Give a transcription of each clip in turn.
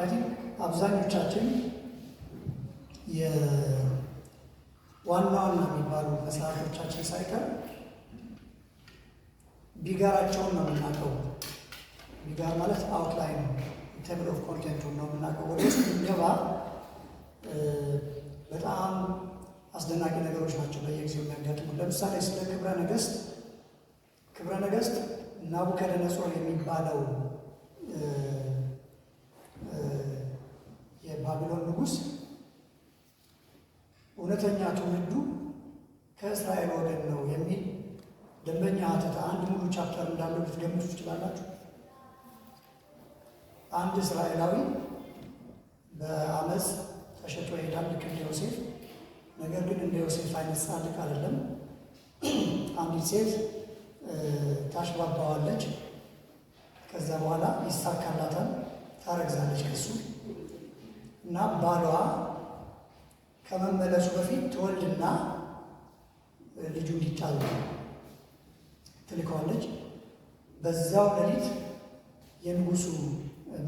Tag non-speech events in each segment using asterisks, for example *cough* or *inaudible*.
አይ አብዛኞቻችን የዋና ዋና የሚባሉ መጽሐፎቻችን ሳይቀር ቢጋራቸውን ነው የምናውቀው። ቢጋር ማለት አውትላይን ቴብል ኦፍ ነው የምናውቀው። ወደ ውስጥ የሚገባ በጣም አስደናቂ ነገሮች ናቸው በየጊዜው የሚያጋጥሙ። ለምሳሌ ስለ ክብረ ነገስት ክብረ ነገስት ናቡከደነጾር የሚባለው ንጉሥ እውነተኛ ትውልዱ ከእስራኤል ወገን ነው የሚል ደንበኛ ሐተታ አንድ ሙሉ ቻፕተር እንዳለው ልትገምቱ ትችላላችሁ። አንድ እስራኤላዊ በአመፅ ተሸጦ ይሄዳል፣ ልክ እንደ ዮሴፍ። ነገር ግን እንደ ዮሴፍ አይነት ጻድቅ አይደለም። አንዲት ሴት ታሽባባዋለች፣ ከዛ በኋላ ይሳካላታል፣ ታረግዛለች ከሱ እና ባሏ ከመመለሱ በፊት ትወልድና ልጁ እንዲጣል ትልከዋለች። በዛው ሌሊት የንጉሱ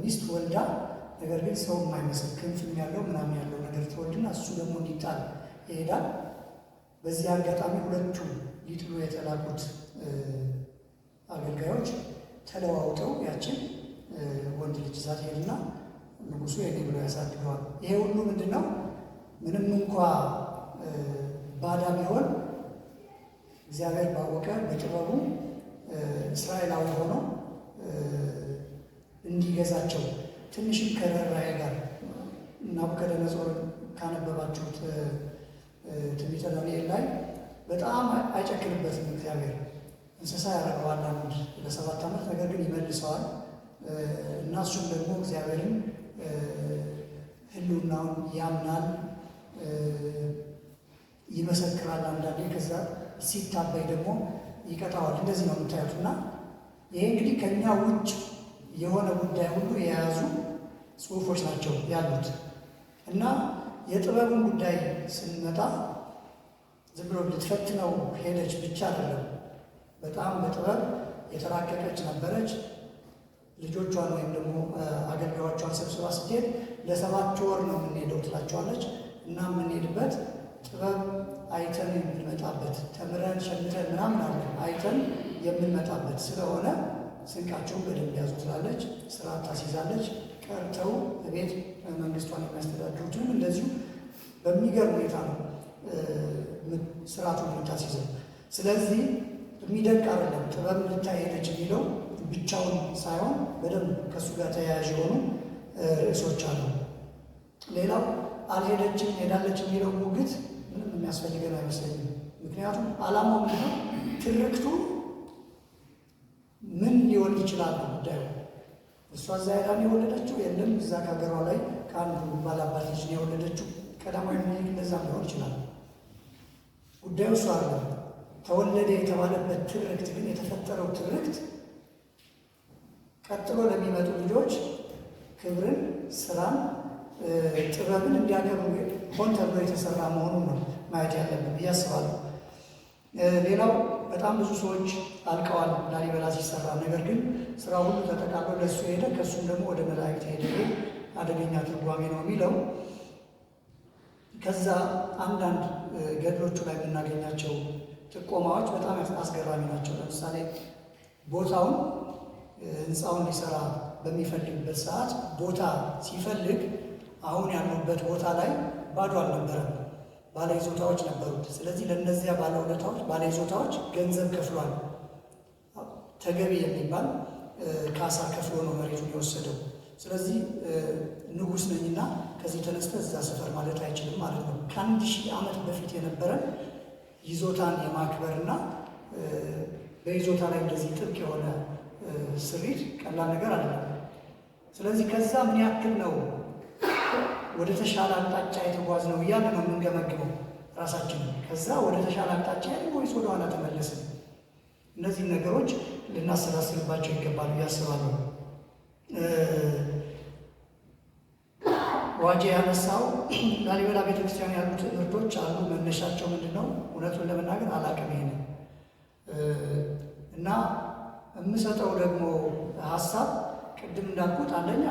ሚስት ወልዳ፣ ነገር ግን ሰው የማይመስል ክንፍም ያለው ምናም ያለው ነገር ትወልድና እሱ ደግሞ እንዲጣል ይሄዳል። በዚህ አጋጣሚ ሁለቱ ሊጥሉ የተላኩት አገልጋዮች ተለዋውጠው ያችን ወንድ ልጅ ይዛ ትሄድና ንጉሱ የኔ ብሎ ያሳድገዋል። ይሄ ሁሉ ምንድን ነው? ምንም እንኳ ባዳ ቢሆን እግዚአብሔር ባወቀ በጥበቡ እስራኤላዊ ሆኖ እንዲገዛቸው ትንሽም ከርኅራኄ ጋር ናቡከደነጾር ካነበባችሁት ትንቢተ ዳንኤል ላይ በጣም አይጨክንበትም እግዚአብሔር እንስሳ ያደርገዋል ለሰባት ዓመት ነገር ግን ይመልሰዋል እና እሱም ደግሞ እግዚአብሔርን ህልውናውን ያምናል፣ ይመሰክራል። አንዳንዴ ከዛ ሲታበይ ደግሞ ይቀጣዋል። እንደዚህ ነው የምታዩት። እና ይሄ እንግዲህ ከእኛ ውጭ የሆነ ጉዳይ ሁሉ የያዙ ጽሁፎች ናቸው ያሉት እና የጥበብን ጉዳይ ስንመጣ ዝም ብሎ ልትፈትነው ሄደች ብቻ አይደለም። በጣም በጥበብ የተራቀቀች ነበረች። ልጆቿን ወይም ደግሞ አገልጋዮቿን ሰብስባ ስትሄድ ለሰባት ወር ነው የምንሄደው ትላቸዋለች እና የምንሄድበት ጥበብ አይተን የምንመጣበት ተምረን ሸምተን ምናምን አለ አይተን የምንመጣበት ስለሆነ ስንቃቸውን በደንብ ያዙ ትላለች። ስራ ታስይዛለች። ቀርተው ቤት መንግስቷን የሚያስተዳድሩትም እንደዚሁ በሚገርም ሁኔታ ነው ስርዓቱ የምታስይዘው። ስለዚህ የሚደንቅ አይደለም ጥበብ ልታሄደች የሚለው ብቻውን ሳይሆን በደንብ ከእሱ ጋር ተያያዥ የሆኑ ርዕሶች አሉ። ሌላው አልሄደችም ሄዳለች የሚለው ሙግት ምንም የሚያስፈልገን አይመስለኝም። ምክንያቱም አላማው ምንድነው? ትርክቱ ምን ሊሆን ይችላል ጉዳዩ እሷ እዛ ሄዳ የወለደችው፣ የለም እዛ ከሀገሯ ላይ ከአንዱ ባላባት ልጅ የወለደችው። ቀዳማዊ ምኒልክ እንደዛም ሊሆን ይችላል። ጉዳዩ እሷ አለ ተወለደ የተባለበት ትርክት ግን የተፈጠረው ትርክት ቀጥሎ ለሚመጡ ልጆች ክብርን፣ ስራን፣ ጥበብን እንዲያከብሩ ሆን ተብሎ የተሰራ መሆኑን ነው ማየት ያለብን ብዬ አስባለሁ። ሌላው በጣም ብዙ ሰዎች አልቀዋል ላሊበላ ሲሰራ። ነገር ግን ስራ ሁሉ ተጠቃሎ ለእሱ ሄደ፣ ከእሱም ደግሞ ወደ መላእክት ሄደ። አደገኛ ትርጓሜ ነው የሚለው ከዛ አንዳንድ ገድሎቹ ላይ የምናገኛቸው ጥቆማዎች በጣም አስገራሚ ናቸው። ለምሳሌ ቦታውን ህንፃውን ሊሰራ በሚፈልግበት ሰዓት ቦታ ሲፈልግ አሁን ያሉበት ቦታ ላይ ባዶ አልነበረም፣ ባለይዞታዎች ነበሩት። ስለዚህ ለእነዚያ ባለውለታዎች ባለይዞታዎች ገንዘብ ከፍሏል። ተገቢ የሚባል ካሳ ከፍሎ ነው መሬቱን የወሰደው። ስለዚህ ንጉስ ነኝና ከዚህ ተነስተ እዛ ሰፈር ማለት አይችልም ማለት ነው። ከአንድ ሺህ ዓመት በፊት የነበረ ይዞታን የማክበርና በይዞታ ላይ እንደዚህ ጥብቅ የሆነ ስሪድ ቀላል ነገር አይደለም። ስለዚህ ከዛ ምን ያክል ነው ወደ ተሻለ አቅጣጫ የተጓዝ ነው እያለ ነው የምንገመግመው ራሳችንን። ከዛ ወደ ተሻለ አቅጣጫ ያለ ወይስ ወደ ተመለስን? እነዚህ ነገሮች ልናሰላስልባቸው ይገባሉ ያስባሉ። ዋጄ ያነሳው ላሊበላ ቤተክርስቲያን ያሉ ትምህርቶች አሉ። መነሻቸው ምንድን ነው? እውነቱን ለመናገር አላውቅም ይሄንን እና የምሰጠው ደግሞ ሀሳብ ቅድም እንዳልኩት አንደኛ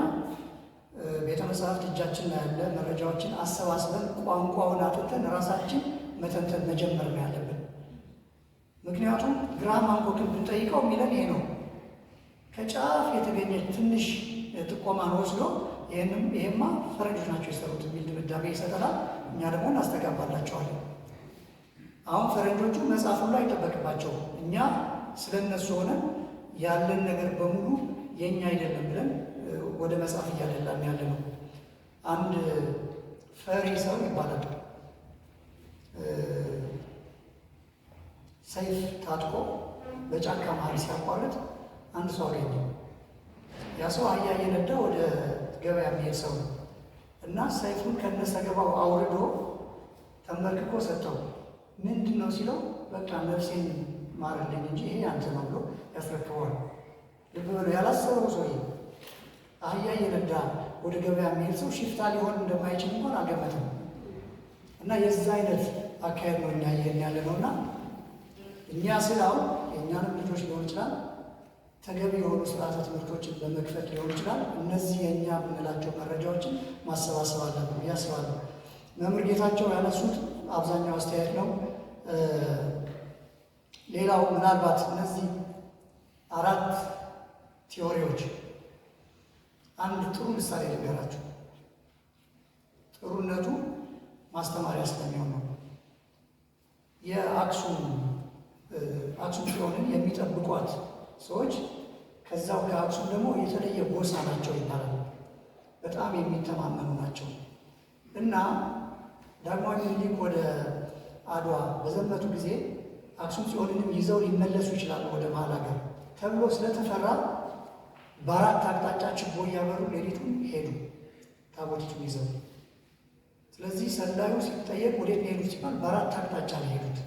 ቤተ መጽሐፍት እጃችን ላይ ያለ መረጃዎችን አሰባስበን ቋንቋውን አጥተን ራሳችን መተንተን መጀመር ነው ያለብን። ምክንያቱም ግራ ማንኮክን ብንጠይቀው የሚለን ይሄ ነው። ከጫፍ የተገኘ ትንሽ ጥቆማን ወስዶ ይህንም ይሄማ ፈረንጆች ናቸው የሰሩት የሚል ድምዳሜ ይሰጠናል። እኛ ደግሞ እናስተጋባላቸዋለን። አሁን ፈረንጆቹ መጽሐፉ ላይ አይጠበቅባቸውም። እኛ ስለነሱ ሆነን ያለን ነገር በሙሉ የኛ አይደለም ብለን ወደ መጽሐፍ እያደላን ያለ ነው። አንድ ፈሪ ሰው ይባላል። ሰይፍ ታጥቆ በጫካ መሀል ሲያቋርጥ አንድ ሰው አገኘ። ያ ሰው አህያ እየነዳ ወደ ገበያ የሚሄድ ሰው ነው እና ሰይፉን ከነሰገባው አውርዶ ተንበርክኮ ሰጠው። ምንድን ነው ሲለው፣ በቃ ነፍሴን ማረልኝ እንጂ ይሄ አንተ ነው ብሎ ያስረክበዋል። ልብ በሉ፣ ያላሰበው ሰው አህያ እየነዳ ወደ ገበያ የሚሄድ ሰው ሽፍታ ሊሆን እንደማይችል እንኳን አልገመትም። እና የዚህ አይነት አካሄድ ነው እኛ ይሄን ያለ ነው እና እኛ ስራው የእኛንም ልጆች ሊሆን ይችላል ተገቢ የሆኑ ስርዓተ ትምህርቶችን በመክፈት ሊሆን ይችላል። እነዚህ የእኛ የምንላቸው መረጃዎችን ማሰባሰብ አለብን ብዬ አስባለሁ። መምህር ጌታቸው ያነሱት አብዛኛው አስተያየት ነው። ሌላው ምናልባት እነዚህ አራት ቲዎሪዎች አንድ ጥሩ ምሳሌ ልንገራችሁ። ጥሩነቱ ማስተማሪያ ስለሚሆን ነው። የአክሱም አክሱም ጽዮንን የሚጠብቋት ሰዎች ከዛው ከአክሱም ደግሞ የተለየ ጎሳ ናቸው ይባላል። በጣም የሚተማመኑ ናቸው እና ዳግማዊ ምኒልክ ወደ አድዋ በዘመቱ ጊዜ አክሱም ጽዮንንም ይዘው ሊመለሱ ይችላሉ ወደ መሀል ሀገር ተብሎ ስለተፈራ በአራት አቅጣጫ ችቦ እያበሩ ሌሊቱን ሄዱ ታቦቲቱን ይዘው። ስለዚህ ሰላዩ ሲጠየቅ ወዴት ነው ሲባል በአራት አቅጣጫ ነው ሄዱት።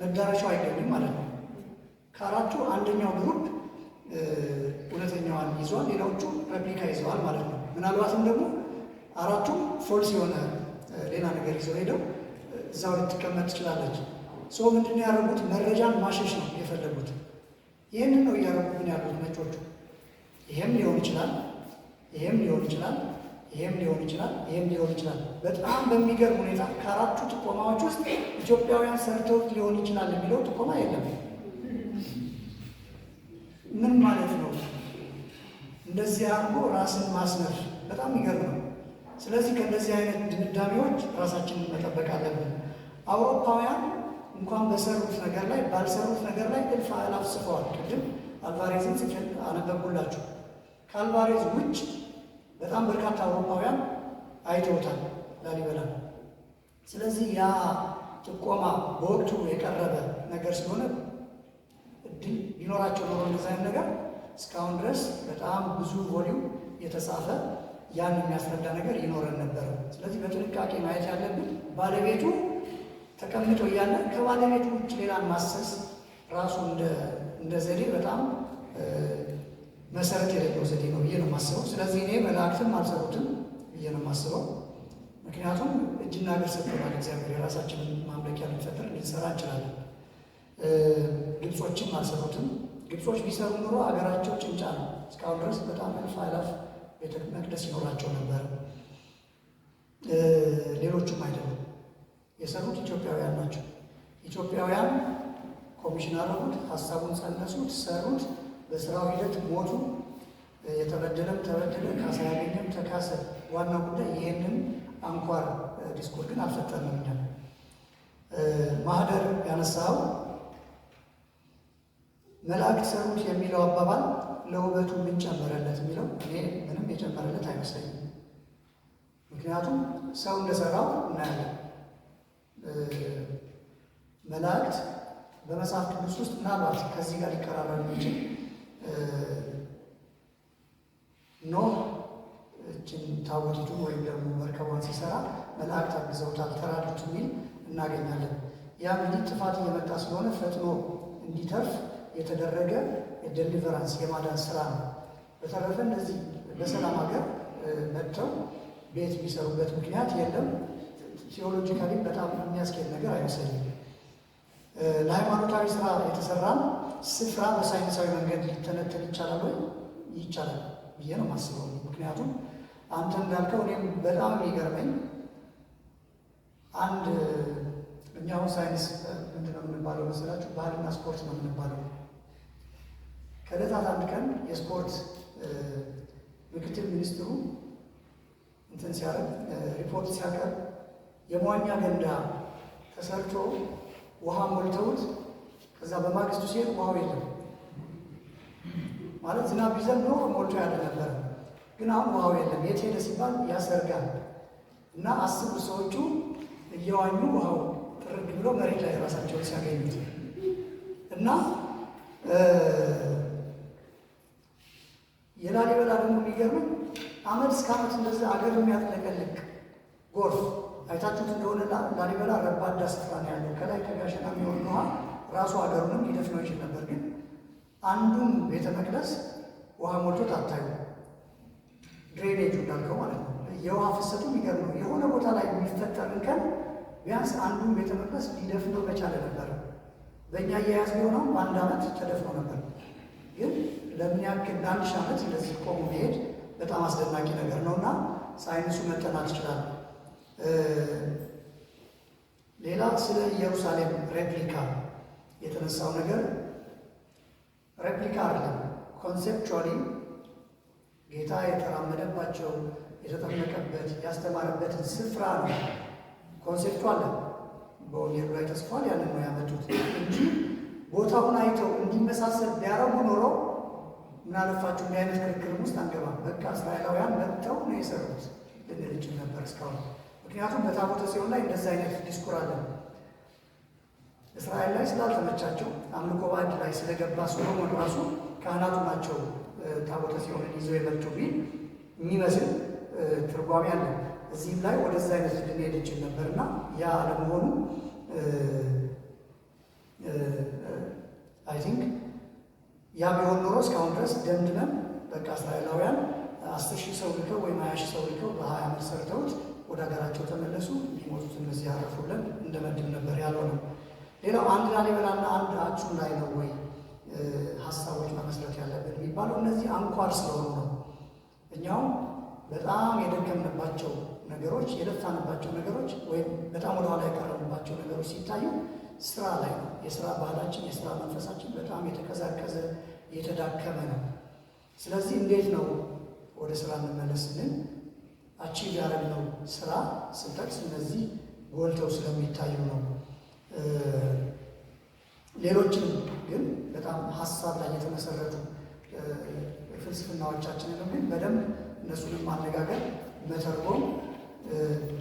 መዳረሻው አይገኝም ማለት ነው። ከአራቱ አንደኛው ግሩፕ እውነተኛዋን ይዟል፣ ሌላዎቹ ሬፕሊካ ይዘዋል ማለት ነው። ምናልባትም ደግሞ አራቱ ፎልስ የሆነ ሌላ ነገር ይዘው ሄደው እዛው ልትቀመጥ ትችላለች። ሰው ምንድነው ያደረጉት? መረጃን ማሸሽ ነው የፈለጉት። ይህንን ነው እያረጉብን ያሉት ነጮቹ። ይህም ሊሆን ይችላል፣ ይህም ሊሆን ይችላል፣ ይህም ሊሆን ይችላል፣ ይህም ሊሆን ይችላል። በጣም በሚገርም ሁኔታ ከአራቱ ጥቆማዎች ውስጥ ኢትዮጵያውያን ሰርተውት ሊሆን ይችላል የሚለው ጥቆማ የለም። ምን ማለት ነው? እንደዚህ አድርጎ ራስን ማስነፍ በጣም ይገርም ነው። ስለዚህ ከእንደዚህ አይነት ድምዳሜዎች ራሳችንን መጠበቅ አለብን። አውሮፓውያን እንኳን በሰሩት ነገር ላይ ባልሰሩት ነገር ላይ እልፍ አእላፍ ጽፈዋል። ቅድም አልቫሬዝን ጽፈን አነበብኩላችሁ። ከአልቫሬዝ ውጭ በጣም በርካታ አውሮፓውያን አይተውታል ላሊበላ ስለዚህ ያ ጥቆማ በወቅቱ የቀረበ ነገር ስለሆነ እድል ቢኖራቸው ኖሮ እንደዚያን ነገር እስካሁን ድረስ በጣም ብዙ ቮሊዩም የተጻፈ ያን የሚያስረዳ ነገር ይኖረን ነበረ። ስለዚህ በጥንቃቄ ማየት ያለብን ባለቤቱ ተቀምጦ እያለ ከባለቤት ውጭ ሌላን ማሰስ ራሱ እንደ ዘዴ በጣም መሰረት የሌለው ዘዴ ነው ብዬ ነው የማስበው። ስለዚህ እኔ መላእክትም አልሰሩትም ብዬ ነው የማስበው። ምክንያቱም እጅና እግር ሰጥቶናል እግዚአብሔር። የራሳችንን ማምለኪያ ልንፈጥር ልንሰራ እንችላለን። ግብጾችም አልሰሩትም። ግብጾች ቢሰሩ ኑሮ ሀገራቸው ጭንጫ ነው። እስካሁን ድረስ በጣም እልፍ አላፍ ቤተ መቅደስ ይኖራቸው ነበር። የሰሩት ኢትዮጵያውያን ናቸው። ኢትዮጵያውያን ኮሚሽን አረጉት፣ ሀሳቡን ጸነሱት፣ ሰሩት፣ በስራው ሂደት ሞቱ። የተበደለም ተበደለ፣ ካሳ ያገኘም ተካሰ። ዋናው ጉዳይ ይህንን አንኳር ዲስኮር ግን አልፈጠንም። እንዳለ ማህደር ያነሳው መላእክት ሰሩት የሚለው አባባል ለውበቱ ምን ጨመረለት የሚለው እኔ ምንም የጨመረለት አይመስለኝም። ምክንያቱም ሰው እንደሰራው እናያለን። መላእክት በመጽሐፍ ቅዱስ ውስጥ ምናልባት ከዚህ ጋር ሊቀራረብ የሚችል ኖህ እችን ታቦቲቱ ወይም ደግሞ መርከቧን ሲሰራ መላእክት አግዘውታል፣ ተራዱት የሚል እናገኛለን። ያ እንግዲህ ጥፋት እየመጣ ስለሆነ ፈጥኖ እንዲተርፍ የተደረገ ደሊቨራንስ የማዳን ስራ ነው። በተረፈ እነዚህ በሰላም ሀገር መጥተው ቤት የሚሰሩበት ምክንያት የለም። ቴዎሎጂካሊ በጣም የሚያስኬድ ነገር አይመስለኝም። ለሃይማኖታዊ ስራ የተሰራ ስፍራ በሳይንሳዊ መንገድ ሊተነተን ይቻላል ወይ? ይቻላል ብዬ ነው ማስበው። ምክንያቱም አንተ እንዳልከው እኔም በጣም የሚገርመኝ አንድ እኛሁን ሳይንስ ምንድን ነው የምንባለው መሰላችሁ? ባህልና ስፖርት ነው የምንባለው። ከዕለታት አንድ ቀን የስፖርት ምክትል ሚኒስትሩ እንትን ሲያደርግ ሪፖርት ሲያቀርብ የመዋኛ ገንዳ ተሰርቶ ውሃ ሞልተውት ከዛ በማግስቱ ሲሄድ ውሃው የለም ማለት ዝናብ ቢዘን ኖሮ ሞልቶ ያለ ነበር። ግን አሁን ውሃው የለም። የት ሄደ ሲባል ያሰርጋል እና አስቡ ሰዎቹ እየዋኙ ውሃው ጥርግ ብሎ መሬት ላይ ራሳቸውን ሲያገኙት እና የላሊበላ ደግሞ የሚገርም አመት እስከ አመት እንደዚህ አገር የሚያጥለቀልቅ ጎርፍ አይታችሁት እንደሆነና ላሊበላ ረባዳ ስፍራ ነው ያለው። ከላይ ከጋሸና የሚሆን ውሃ ራሱ ሀገሩንም ሊደፍነው ይችል ነበር፣ ግን አንዱም ቤተ መቅደስ ውሃ ሞልቶት አታዩ። ድሬኔጁ እንዳልከው ማለት ነው። የውሃ ፍሰቱ የሚገርም ነው። የሆነ ቦታ ላይ የሚፈጠር እንከን ቢያንስ አንዱን ቤተ መቅደስ ሊደፍነው መቻለ ነበር። በእኛ አያያዝ ቢሆነው በአንድ ዓመት ተደፍኖ ነበር። ግን ለምን ያክል ለአንድ ሺህ ዓመት እንደዚህ ቆሞ መሄድ በጣም አስደናቂ ነገር ነው እና ሳይንሱ መጠናት ይችላል። ሌላ ስለ ኢየሩሳሌም ሬፕሊካ የተነሳው ነገር ሬፕሊካ አይደለም። ኮንሴፕቹዋሊ ጌታ የተራመደባቸው የተጠመቀበት ያስተማረበትን ስፍራ ነው። ኮንሴፕቱ አለ በወንጌሉ ላይ ተጽፏል። ያን ነው ያመጡት እንጂ ቦታውን አይተው እንዲመሳሰል ቢያረጉ ኖሮ ምናለፋቸው እንዲህ አይነት ክርክርም ውስጥ አንገባም። በቃ እስራኤላውያን መጥተው ነው የሰሩት ልንልጭን ነበር እስካሁን ምክንያቱም በታቦተ ጽዮን ላይ እንደዚህ አይነት ዲስኩር አለ። እስራኤል ላይ ስላልተመቻቸው አምልኮ በአንድ ላይ ስለገባ ሶሎሞን ራሱ ካህናቱ ናቸው ታቦተ ጽዮንን ይዘው የመጡ ቢል የሚመስል ትርጓሜ አለ። እዚህም ላይ ወደዛ አይነት ልንሄድ ነበር ነበርና ያ አለመሆኑ አይ ቲንክ ያ ቢሆን ኖሮ እስካሁን ድረስ ደምድመን በቃ እስራኤላውያን አስር ሺህ ሰው ልከው ወይም ሀያ ሺህ ሰው ልከው በሀያ አመት ሰርተውት አንድ ላሊበላና አንድ አክሱም ላይ ነው ወይ ሀሳቦች መመስረት ያለብን የሚባለው እነዚህ አንኳር ስለሆኑ ነው። እኛው በጣም የደከምንባቸው ነገሮች፣ የለፋንባቸው ነገሮች ወይም በጣም ወደኋላ የቀረንባቸው ነገሮች ሲታዩ ስራ ላይ ነው። የስራ ባህላችን፣ የስራ መንፈሳችን በጣም የተቀዛቀዘ የተዳከመ ነው። ስለዚህ እንዴት ነው ወደ ስራ እንመለስ ስንል አቺቭ ያደረግነው ስራ ስንጠቅስ እነዚህ ጎልተው ስለሚታዩ ነው። ሌሎችንም ግን በጣም ሀሳብ ላይ የተመሰረቱ ፍልስፍናዎቻችንን ግን በደንብ እነሱንም ማነጋገር መተርጎም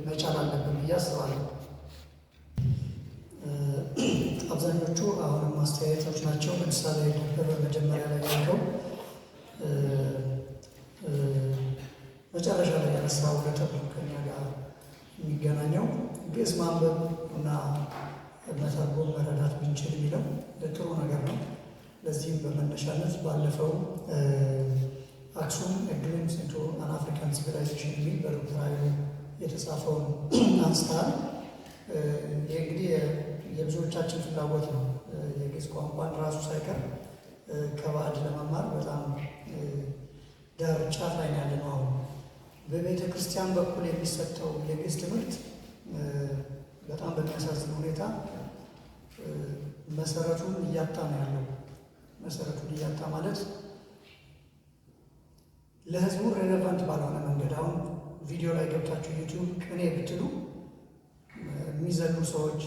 መቻል አለብን ብዬ አስባለሁ። አብዛኞቹ አሁንም ማስተያየቶች ናቸው። ለምሳሌ መጀመሪያ ላይ ያለው መጨረሻ ላይ ያነሳው ውለተ ከኛ ጋር የሚገናኘው ግዕዝ ማንበብ እና መተርጎ መረዳት ብንችል የሚለው ጥሩ ነገር ነው። ለዚህም በመነሻነት ባለፈው አክሱም ግሊምፕስ ሴንቶ አን አፍሪካን ሲቪላይዜሽን የሚል በዶክተር አይ የተጻፈውን *clears throat* አንስታል። ይህ እንግዲህ የብዙዎቻችን ፍላጎት ነው። የግዕዝ ቋንቋን ራሱ ሳይቀር ከባዕድ ለመማር በጣም ዳርቻ ላይ ያለ ነው። አሁን በቤተ ክርስቲያን በኩል የሚሰጠው የግዕዝ ትምህርት በጣም በሚያሳዝን ሁኔታ መሰረቱን እያጣ ነው ያለው። መሰረቱን እያጣ ማለት ለህዝቡ ሬሌቫንት ባልሆነ መንገድ አሁን ቪዲዮ ላይ ገብታችሁ ዩቲዩብ ቅኔ ብትሉ የሚዘሉ ሰዎች፣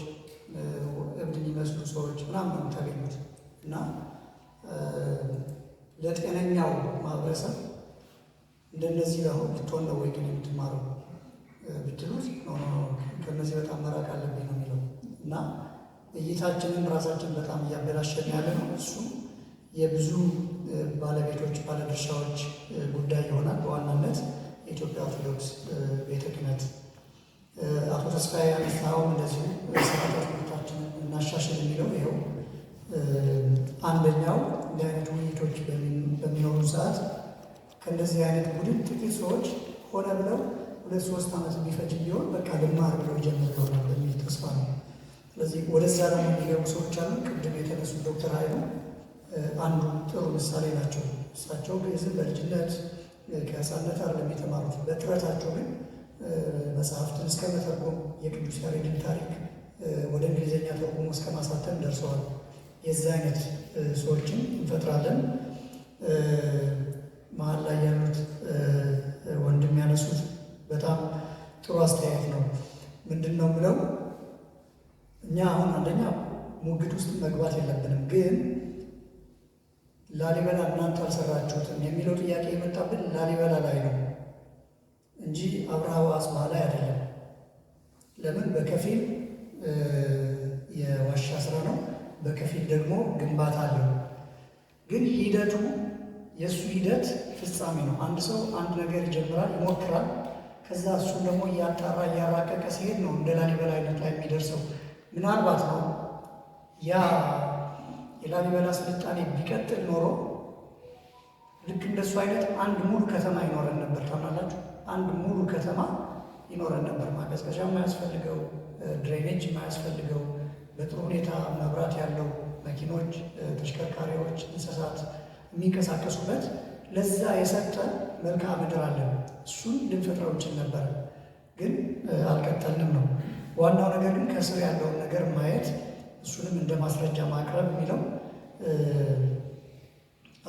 እብድ የሚመስሉ ሰዎች ምናምን ነው የምታገኙት እና ለጤነኛው ማህበረሰብ እንደነዚህ ለሆን ልትሆን ነው ወይ ግን የምትማረው ብትሉት ከነዚህ በጣም መራቅ አለብኝ ነው የሚለው እና እይታችንን ራሳችን በጣም እያበላሸን ያለ ነው። እሱ የብዙ ባለቤቶች ባለድርሻዎች ጉዳይ ይሆናል። በዋናነት የኢትዮጵያ ኦርቶዶክስ ቤተ ክህነት አቶ ተስፋዬ ያነሳው እንደዚሁ ስርዓተ ትምህርታችንን እናሻሽል የሚለው ይኸው አንደኛው እንዲህ አይነት ውይይቶች በሚኖሩ ሰዓት ከእንደዚህ አይነት ቡድን ጥቂት ሰዎች ሆነ ብለው ሁለት ሶስት ዓመት የሚፈጅ ቢሆን በቃ ልማር ብለው ጀምር ይሆናል በሚል ተስፋ ነው። ስለዚህ ወደዛ ደግሞ የሚገቡ ሰዎች አሉ። ቅድም የተነሱ ዶክተር ሀይሉ አንዱ ጥሩ ምሳሌ ናቸው። እሳቸው ግዕዝ በልጅነት ከህፃነት አይደለም የተማሩት። በጥረታቸው ግን መጽሐፍትን እስከ መተርጎም የቅዱስ ያሬድን ታሪክ ወደ እንግሊዝኛ ተርጉሞ እስከ ማሳተም ደርሰዋል። የዚህ አይነት ሰዎችን እንፈጥራለን። መሀል ላይ ያሉት ወንድም ያነሱት በጣም ጥሩ አስተያየት ነው። ምንድን ነው ብለው እኛ አሁን አንደኛ ሙግት ውስጥ መግባት የለብንም። ግን ላሊበላ እናንተ አልሰራችሁትም የሚለው ጥያቄ የመጣብን ላሊበላ ላይ ነው እንጂ አብርሃ ወአጽብሃ ላይ አይደለም። ለምን በከፊል የዋሻ ስራ ነው፣ በከፊል ደግሞ ግንባታ አለው። ግን ሂደቱ የእሱ ሂደት ፍጻሜ ነው። አንድ ሰው አንድ ነገር ይጀምራል፣ ይሞክራል። ከዛ እሱም ደግሞ እያጣራ እያራቀቀ ሲሄድ ነው እንደ ላሊበላ አይነት ላይ የሚደርሰው። ምናልባት ነው ያ የላሊበላ ስልጣኔ ቢቀጥል ኖሮ ልክ እንደሱ አይነት አንድ ሙሉ ከተማ ይኖረን ነበር። ታምናላችሁ? አንድ ሙሉ ከተማ ይኖረን ነበር። ማቀዝቀዣ የማያስፈልገው፣ ድሬኔጅ የማያስፈልገው፣ በጥሩ ሁኔታ መብራት ያለው፣ መኪኖች፣ ተሽከርካሪዎች፣ እንስሳት የሚንቀሳቀሱበት ለዛ የሰጠ መልክዓ ምድር አለን። እሱን ልንፈጥረው እንችል ነበር፣ ግን አልቀጠልንም ነው ዋናው ነገር ግን ከስር ያለውን ነገር ማየት እሱንም እንደ ማስረጃ ማቅረብ የሚለው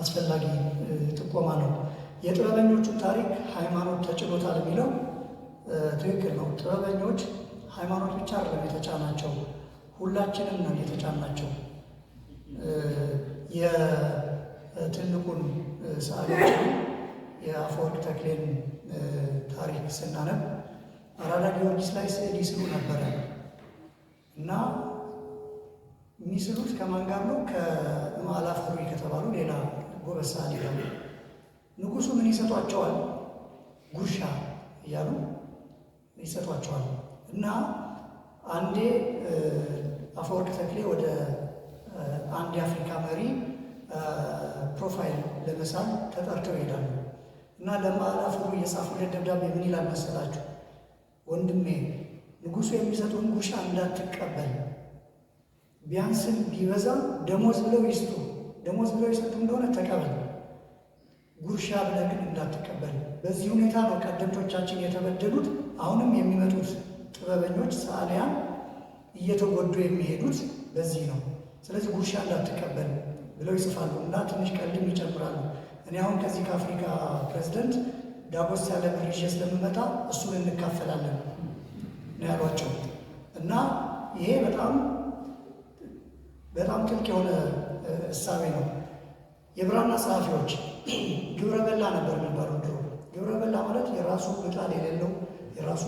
አስፈላጊ ጥቆማ ነው። የጥበበኞቹ ታሪክ ሃይማኖት ተጭኖታል የሚለው ትክክል ነው። ጥበበኞች ሃይማኖት ብቻ አይደለም የተጫናቸው፣ ሁላችንም ነው የተጫናቸው። የትልቁን ሰዓሊያችን የአፈወርቅ ተክሌን ታሪክ ስናነብ አራዳ ጊዮርጊስ ላይ ስዕል ይስሉ ነበረ እና የሚስሉት ከማን ጋር ነው? ከማዕላፍ ከተባሉ ሌላ ጎበሳ ሰዓሊ ንጉሱ ምን ይሰጧቸዋል? ጉርሻ እያሉ ይሰጧቸዋል። እና አንዴ አፈወርቅ ተክሌ ወደ አንድ የአፍሪካ መሪ ፕሮፋይል ለመሳል ተጠርተው ይሄዳሉ እና ለማዕላፍ ሩይ የጻፉለት ደብዳቤ ምን ይላል መሰላችሁ? ወንድሜ ንጉሱ የሚሰጡን ጉሻ እንዳትቀበል፣ ቢያንስም ቢበዛ ደሞዝ ብለው ይስጡ፣ ደሞዝ ብለው ይሰጡ እንደሆነ ተቀበል፣ ጉርሻ ብለህ ግን እንዳትቀበል። በዚህ ሁኔታ ነው ቀደምቶቻችን የተበደሉት፣ አሁንም የሚመጡት ጥበበኞች ሰዓሊያን እየተጎዱ የሚሄዱት በዚህ ነው። ስለዚህ ጉርሻ እንዳትቀበል ብለው ይጽፋሉ እና ትንሽ ቀልድም ይጨምራሉ። እኔ አሁን ከዚህ ከአፍሪካ ፕሬዚደንት ዳጎስ ያለ ብርዤ ስለምመጣ እሱን እንካፈላለን ነው ያሏቸው። እና ይሄ በጣም በጣም ጥልቅ የሆነ እሳቤ ነው። የብራና ጸሐፊዎች *clears throat* ግብረ በላ ነበር የሚባለው ድሮ። ግብረ በላ ማለት የራሱ ምጣድ የሌለው የራሱ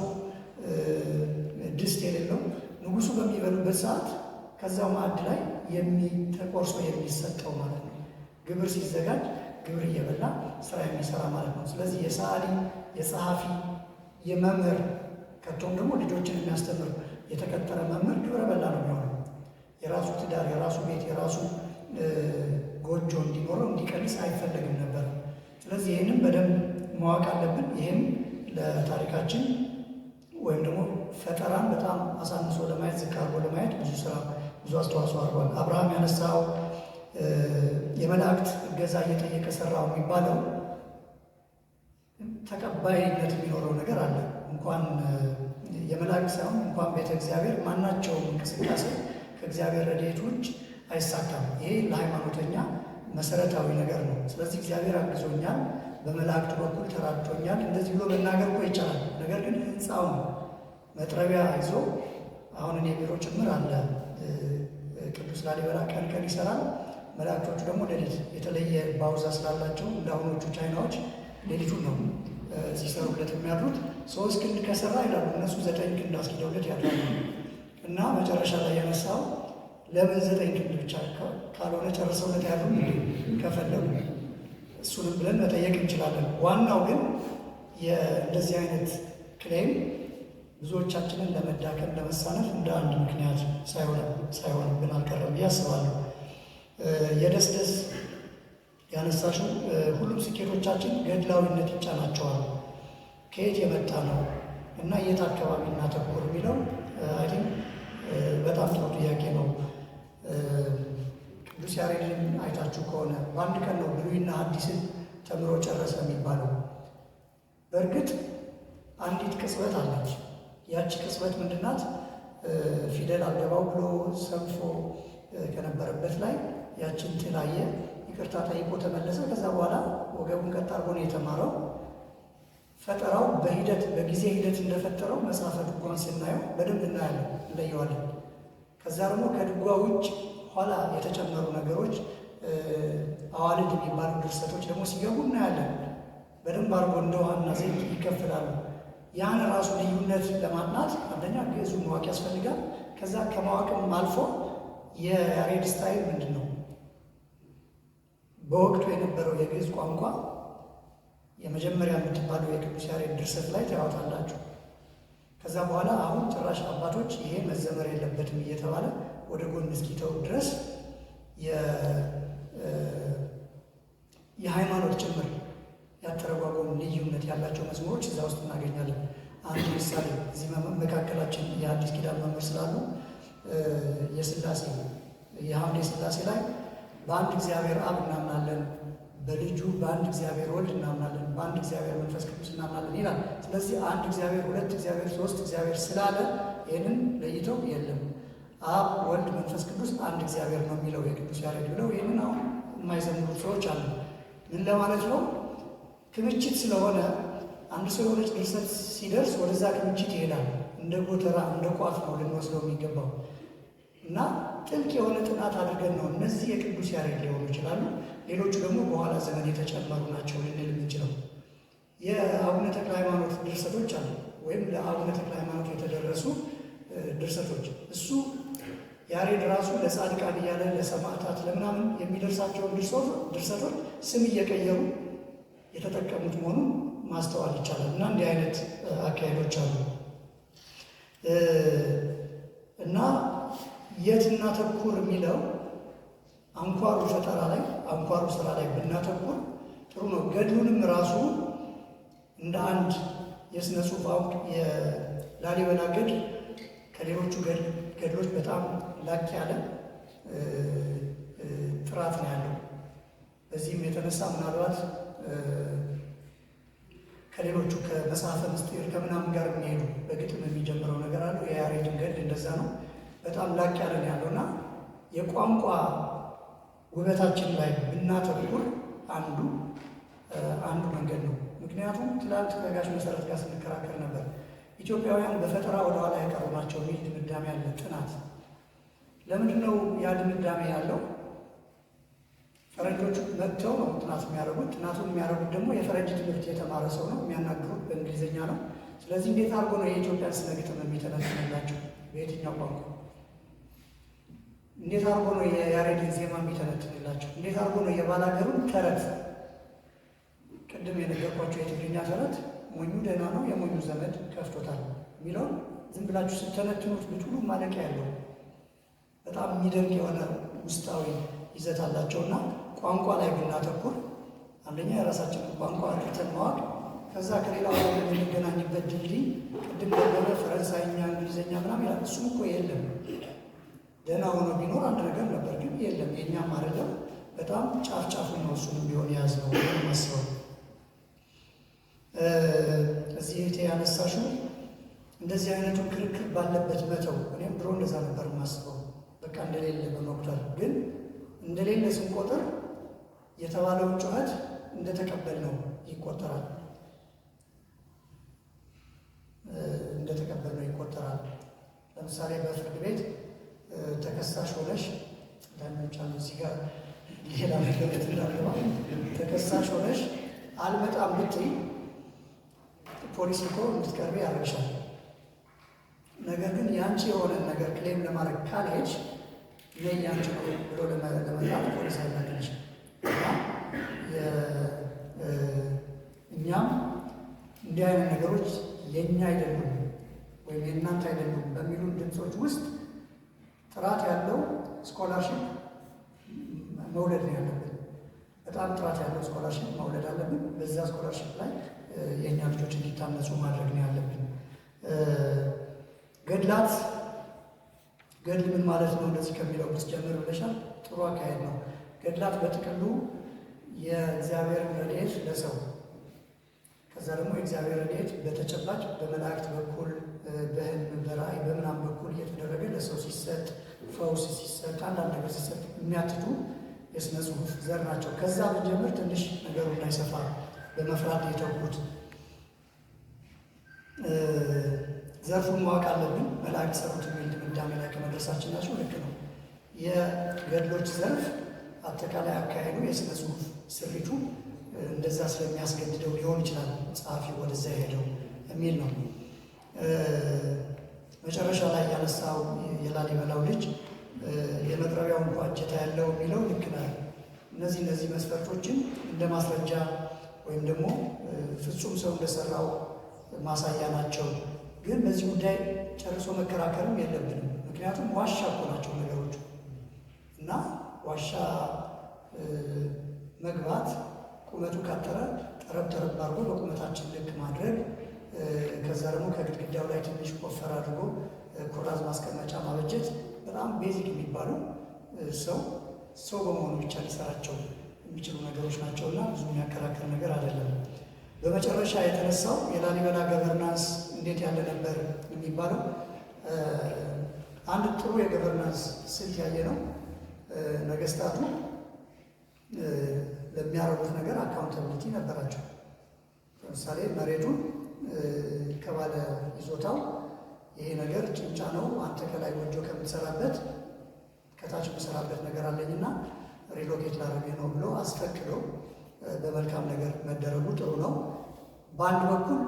ድስት የሌለው ንጉሱ በሚበሉበት ሰዓት ከዛው ማዕድ ላይ ተቆርሶ የሚሰጠው ማለት ነው። ግብር ሲዘጋጅ ግብር እየበላ ስራ የሚሰራ ማለት ነው። ስለዚህ የሰዓሊ የጸሐፊ፣ የመምህር ከቶም ደግሞ ልጆችን የሚያስተምር የተቀጠረ መምህር ግብረ በላ ነው የሚሆነው። የራሱ ትዳር፣ የራሱ ቤት፣ የራሱ ጎጆ እንዲኖረው እንዲቀንስ አይፈለግም ነበር። ስለዚህ ይህንም በደንብ ማወቅ አለብን። ይህም ለታሪካችን ወይም ደግሞ ፈጠራን በጣም አሳንሶ ለማየት ዝቅ አድርጎ ለማየት ብዙ ስራ ብዙ አስተዋጽኦ አድርጓል። አብርሃም ያነሳው የመላእክት እገዛ እየጠየቀ ሰራው የሚባለው ተቀባይነት የሚኖረው ነገር አለ። እንኳን የመላክ ሳይሆን እንኳን ቤተ እግዚአብሔር ማናቸውም እንቅስቃሴ ከእግዚአብሔር ረድኤት ውጭ አይሳካም። ይሄ ለሃይማኖተኛ መሰረታዊ ነገር ነው። ስለዚህ እግዚአብሔር አግዞኛል፣ በመላእክቱ በኩል ተራድቶኛል፣ እንደዚህ ብሎ መናገር እኮ ይቻላል። ነገር ግን ህንፃውን መጥረቢያ ይዞ አሁን እኔ ቢሮ ጭምር አለ ቅዱስ ላሊበላ ቀን ቀን ይሰራል መላእክቶቹ ደግሞ ሌሊት የተለየ ባውዛ ስላላቸው እንደ አሁኖቹ ቻይናዎች ሌሊቱን ነው ሲሰሩለት የሚያድሩት። ሶስት ክንድ ከሰራ ይላሉ እነሱ ዘጠኝ ክንድ አስኪደውለት ያድራሉ። እና መጨረሻ ላይ ያነሳው ለምን ዘጠኝ ክንድ ብቻ ካልሆነ ጨርሰውለት ያሉ ከፈለጉ እሱንም ብለን መጠየቅ እንችላለን። ዋናው ግን የእንደዚህ አይነት ክሌም ብዙዎቻችንን ለመዳከም ለመሳነፍ እንደ አንድ ምክንያት ሳይሆንብን አልቀረም ብዬ አስባለሁ። የደስደስ ያነሳሽው ሁሉም ስኬቶቻችን ገድላዊነት ይጫናቸዋል። ከየት የመጣ ነው እና የት አካባቢ እናተኩር የሚለው አይ በጣም ጥሩ ጥያቄ ነው። ቅዱስ ያሬድን አይታችሁ ከሆነ በአንድ ቀን ነው ብሉይና አዲስን ተምሮ ጨረሰ የሚባለው። በእርግጥ አንዲት ቅጽበት አለች። ያቺ ቅጽበት ምንድናት? ፊደል አደባው ብሎ ሰንፎ ከነበረበት ላይ ያችን ጤል አየ፣ ይቅርታ ጠይቆ ተመለሰ። ከዛ በኋላ ወገቡን ቀጥ አድርጎ ነው የተማረው። ፈጠራው በሂደት በጊዜ ሂደት እንደፈጠረው መጽሐፈ ድጓን ስናየው በደንብ እናያለን፣ እንለየዋለን። ከዛ ደግሞ ከድጓ ውጭ ኋላ የተጨመሩ ነገሮች አዋልድ የሚባሉ ድርሰቶች ደግሞ ሲገቡ እናያለን። በደንብ አድርጎ እንደ ውሃና ዘይት ይከፍላሉ። ያን ራሱ ልዩነት ለማጥናት አንደኛ ግዕዙ ማወቅ ያስፈልጋል። ከዛ ከማወቅም አልፎ የያሬድ ስታይል ምንድን ነው በወቅቱ የነበረው የግዕዝ ቋንቋ የመጀመሪያ የምትባለው የቅዱስ ያሬድ ድርሰት ላይ ታያወታላችሁ። ከዛ በኋላ አሁን ጭራሽ አባቶች ይሄ መዘመር የለበትም እየተባለ ወደ ጎን እስኪተው ድረስ የሃይማኖት ጭምር ያተረጓጎሙ ልዩነት ያላቸው መዝሙሮች እዛ ውስጥ እናገኛለን። አንድ ምሳሌ እዚህ መካከላችን የአዲስ ኪዳን መምህር ስላሉ የስላሴ የሐምሌ ስላሴ ላይ በአንድ እግዚአብሔር አብ እናምናለን፣ በልጁ በአንድ እግዚአብሔር ወልድ እናምናለን፣ በአንድ እግዚአብሔር መንፈስ ቅዱስ እናምናለን ይላል። ስለዚህ አንድ እግዚአብሔር፣ ሁለት እግዚአብሔር፣ ሶስት እግዚአብሔር ስላለ ይህንን ለይተው የለም አብ ወልድ መንፈስ ቅዱስ አንድ እግዚአብሔር ነው የሚለው የቅዱስ ያሬድ ብለው ይህንን አሁን የማይዘምሩ ሰዎች አሉ። ምን ለማለት ነው? ክምችት ስለሆነ አንድ ሰው የሆነች ድርሰት ሲደርስ ወደዛ ክምችት ይሄዳል። እንደ ጎተራ እንደ ቋፍ ነው ልንወስደው የሚገባው እና ጥልቅ የሆነ ጥናት አድርገን ነው እነዚህ የቅዱስ ያሬድ ሊሆኑ ይችላሉ። ሌሎቹ ደግሞ በኋላ ዘመን የተጨመሩ ናቸው ልንል የምንችለው የአቡነ ተክለ ሃይማኖት ድርሰቶች አሉ፣ ወይም ለአቡነ ተክለ ሃይማኖት የተደረሱ ድርሰቶች እሱ ያሬድ ራሱ ለጻድቃን እያለ ለሰማዕታት ለምናምን የሚደርሳቸውን ድርሰቶች ስም እየቀየሩ የተጠቀሙት መሆኑን ማስተዋል ይቻላል። እና እንዲህ አይነት አካሄዶች አሉ እና የት እናተኩር የሚለው አንኳሩ ፈጠራ ላይ አንኳሩ ስራ ላይ ብናተኩር ጥሩ ነው። ገድሉንም ራሱ እንደ አንድ የስነ ጽሁፍ አውድ የላሊበላ ገድል ከሌሎቹ ገድሎች በጣም ላቅ ያለ ጥራት ነው ያለው። በዚህም የተነሳ ምናልባት ከሌሎቹ ከመጽሐፈ ምስጢር ከምናምን ጋር የሚሄዱ በግጥም የሚጀምረው ነገር አለው። የያሬድን ገድል እንደዛ ነው። በጣም ላቅ ያለን ያለውና የቋንቋ ውበታችን ላይ ብናተኩር አንዱ አንዱ መንገድ ነው። ምክንያቱም ትላንት ከጋሽ መሰረት ጋር ስንከራከር ነበር ኢትዮጵያውያን በፈጠራ ወደኋላ ያቀርባቸው ናቸው የሚል ድምዳሜ ያለ ጥናት ለምንድን ነው ያ ድምዳሜ ያለው? ፈረንጆቹ መጥተው ነው ጥናት የሚያደርጉት። ጥናቱን የሚያደርጉት ደግሞ የፈረንጅ ትምህርት የተማረ ሰው ነው። የሚያናግሩት በእንግሊዝኛ ነው። ስለዚህ እንዴት አድርጎ ነው የኢትዮጵያን ስነ ግጥም የሚተነትንላቸው በየትኛው ቋንቋ እንዴት አርጎ ነው የያሬድን ዜማ የሚተነትንላቸው? እንዴት አርጎ ነው የባላገሩን ተረት ቅድም የነገርኳቸው የትግርኛ ተረት ሞኙ ደህና ነው የሞኙ ዘመድ ከፍቶታል የሚለውን ዝም ብላችሁ ስተነትኑት ብትሉ ማለቂያ ያለው በጣም የሚደንቅ የሆነ ውስጣዊ ይዘት አላቸውና ቋንቋ ላይ ብናተኩር አንደኛ የራሳችንን ቋንቋ አድርተን ማወቅ፣ ከዛ ከሌላ ዋ የምንገናኝበት ድልድይ ቅድም ደበረ ፈረንሳይኛ፣ እንግሊዝኛ ምናምን እሱም እኮ የለም ደህና ሆኖ ቢኖር አንድ ነገር ነበር፣ ግን የለም። የእኛም ማረጃ በጣም ጫፍ ጫፉ ነው። እሱንም ቢሆን የያዝ ነው ማስበው እዚህ ያነሳሽው እንደዚህ አይነቱ ክርክር ባለበት መተው። እኔም ድሮ እንደዛ ነበር ማስበው፣ በቃ እንደሌለ በመጉዳት ግን እንደሌለ ስንቆጥር የተባለውን ጩኸት እንደተቀበል ነው ይቆጠራል፣ እንደተቀበል ነው ይቆጠራል። ለምሳሌ በፍርድ ቤት ተከሳሽ ሆነሽ ዳኞች አሉ እዚህ ጋር ሌላ ነገረት እንዳገባ ተከሳሽ ሆነሽ አልመጣም ብትይ ፖሊስ እኮ እንድትቀርቢ ያደርግሻል። ነገር ግን የአንቺ የሆነ ነገር ክሌም ለማድረግ ካልሄድሽ ይህ የአንቺ ብሎ ለመጣት ፖሊስ አይላክልሽ። እኛም እንዲህ አይነት ነገሮች የእኛ አይደሉም ወይም የእናንተ አይደሉም በሚሉን ድምፆች ውስጥ ጥራት ያለው ስኮላርሽፕ መውለድ ነው ያለብን። በጣም ጥራት ያለው ስኮላርሽፕ መውለድ አለብን። በዛ ስኮላርሽፕ ላይ የእኛ ልጆች እንዲታነጹ ማድረግ ነው ያለብን። ገድላት ገድል ምን ማለት ነው እንደዚህ ከሚለው ውስጥ ጀምር ብለሻል። ጥሩ አካሄድ ነው። ገድላት በጥቅሉ የእግዚአብሔር ረድኤት ለሰው ከዛ ደግሞ የእግዚአብሔር ረድኤት በተጨባጭ በመላእክት በኩል በህልም በራእይ በምናም በኩል እየተደረገ ለሰው ሲሰጥ ፈውስ ሲሰጥ አንዳንድ ነገር ሲሰጥ የሚያትቱ የስነ ጽሁፍ ዘር ናቸው። ከዛ ብንጀምር ትንሽ ነገሩ እንዳይሰፋ በመፍራት የተውኩት ዘርፉን ማወቅ አለብን። መልአክ ሰሩት የሚል ድምዳሜ ላይ ከመድረሳችን ናቸው። ልክ ነው። የገድሎች ዘርፍ አጠቃላይ አካሄዱ የስነ ጽሁፍ ስሪቱ እንደዛ ስለሚያስገድደው ሊሆን ይችላል ጸሐፊ ወደዛ ሄደው የሚል ነው። መጨረሻ ላይ ያነሳው የላሊበላው ልጅ የመጥረቢያውን እጀታ ያለው የሚለው ልክ ናል። እነዚህ እነዚህ መስፈርቶችን እንደ ማስረጃ ወይም ደግሞ ፍጹም ሰው እንደሰራው ማሳያ ናቸው። ግን በዚህ ጉዳይ ጨርሶ መከራከርም የለብንም። ምክንያቱም ዋሻ እኮ ናቸው ነገሮቹ እና ዋሻ መግባት ቁመቱ ካጠረ ጠረብ ጠረብ አድርጎ በቁመታችን ልክ ማድረግ ከዛ ደግሞ ከግድግዳው ላይ ትንሽ ቆፈር አድርጎ ኩራዝ ማስቀመጫ ማበጀት በጣም ቤዚክ የሚባሉ ሰው ሰው በመሆኑ ብቻ ሊሰራቸው የሚችሉ ነገሮች ናቸው እና ብዙ የሚያከራክር ነገር አይደለም። በመጨረሻ የተነሳው የላሊበላ ገቨርናንስ እንዴት ያለ ነበር የሚባለው አንድ ጥሩ የገቨርናንስ ስልት ያየ ነው። ነገስታቱ ለሚያረጉት ነገር አካውንታብሊቲ ነበራቸው። ለምሳሌ መሬቱን ከባለ ይዞታው ይሄ ነገር ጭንጫ ነው፣ አንተ ከላይ ጎጆ ከምትሰራበት ከታች የምሰራበት ነገር አለኝና ሪሎኬት ላረግ ነው ብሎ አስፈቅዶ በመልካም ነገር መደረጉ ጥሩ ነው። በአንድ በኩል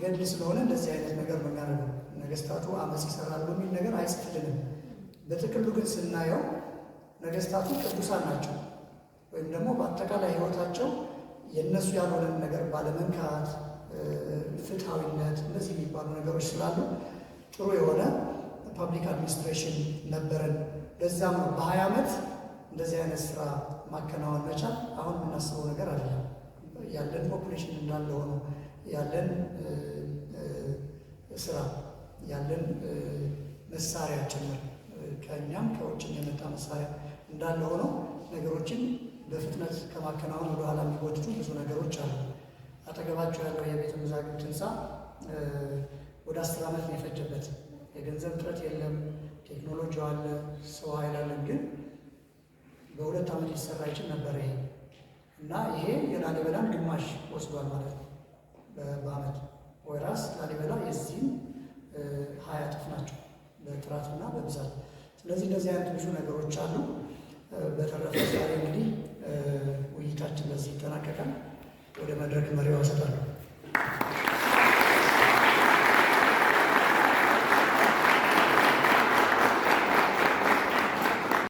ገድል ስለሆነ እንደዚህ አይነት ነገር ነው የሚያደርገው። ነገስታቱ አመፅ ይሰራሉ የሚል ነገር አይስትልንም በጥቅሉ ግን ስናየው ነገስታቱ ቅዱሳን ናቸው፣ ወይም ደግሞ በአጠቃላይ ህይወታቸው የእነሱ ያልሆነን ነገር ባለመንካት ፍትሐዊነት፣ እነዚህ የሚባሉ ነገሮች ስላሉ ጥሩ የሆነ ፐብሊክ አድሚኒስትሬሽን ነበረን። ለዛም ነው በሀያ ዓመት እንደዚህ አይነት ስራ ማከናወን መቻል አሁን የምናስበው ነገር አይደለም። ያለን ፖፑሌሽን እንዳለ ሆኖ ያለን ስራ ያለን መሳሪያ ጭምር ከእኛም ከውጭም የመጣ መሳሪያ እንዳለ ሆኖ ነገሮችን በፍጥነት ከማከናወን ወደኋላ የሚጎትቱ ብዙ ነገሮች አሉ። አጠገባቸው ያለው የቤተ መዛግብት ህንፃ ወደ አስር ዓመት ነው የፈጀበት። የገንዘብ እጥረት የለም፣ ቴክኖሎጂ አለ፣ ሰው ኃይል አለን። ግን በሁለት ዓመት ሊሰራ ይችል ነበር ይሄ እና ይሄ የላሊበላን ግማሽ ወስዷል ማለት ነው በአመት ወይራስ ላሊበላ የዚህም ሀያ እጥፍ ናቸው በጥራትና በብዛት። ስለዚህ እንደዚህ አይነት ብዙ ነገሮች አሉ። በተረፈ ዛሬ እንግዲህ ውይይታችን በዚህ ይጠናቀቃል። ወደ መድረክ መሪዋ እሰጣለሁ።